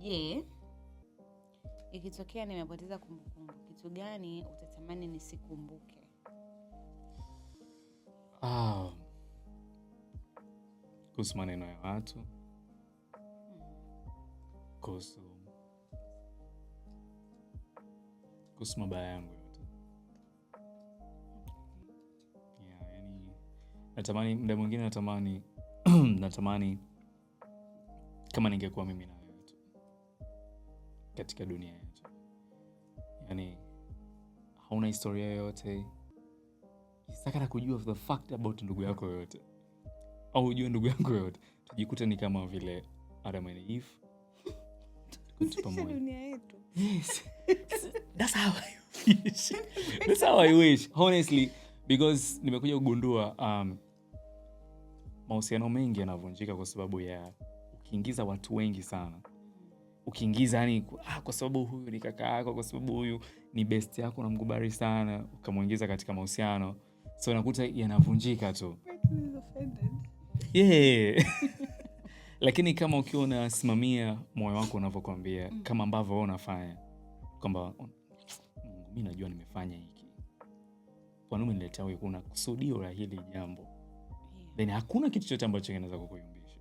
je ikitokea nimepoteza kumbukumbu, kitu gani utatamani nisikumbuke? Ah, kuhusu maneno ya watu, hmm. kuhusu kuhusu mabaya yangu natamani muda mwingine natamani natamani kama ningekuwa mimi na wewe tu katika dunia yetu, yani hauna historia yoyote, isitaka kujua the fact about ndugu yako yoyote, au ujue ndugu yako yoyote, tujikute ni kama vile Adam and Eve dunia yetu. Yes. That's how I wish. That's how I wish. Honestly, because nimekuja kugundua um, mahusiano mengi yanavunjika kwa sababu ya ukiingiza watu wengi sana, ukiingiza yani, ah, kwa sababu huyu ni kaka yako, kwa sababu huyu ni best yako, namkubari sana, ukamwingiza katika mahusiano, so nakuta yanavunjika tu yeah. Lakini kama ukiwa unasimamia moyo wako unavyokwambia, mm. kama ambavyo unafanya kwamba mi najua nimefanya hiki kwa nini umeniletea huyu? Kuna kusudio la hili jambo yeah. Then hakuna kitu chochote ambacho kinaweza kukuyumbisha,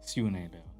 si unaelewa?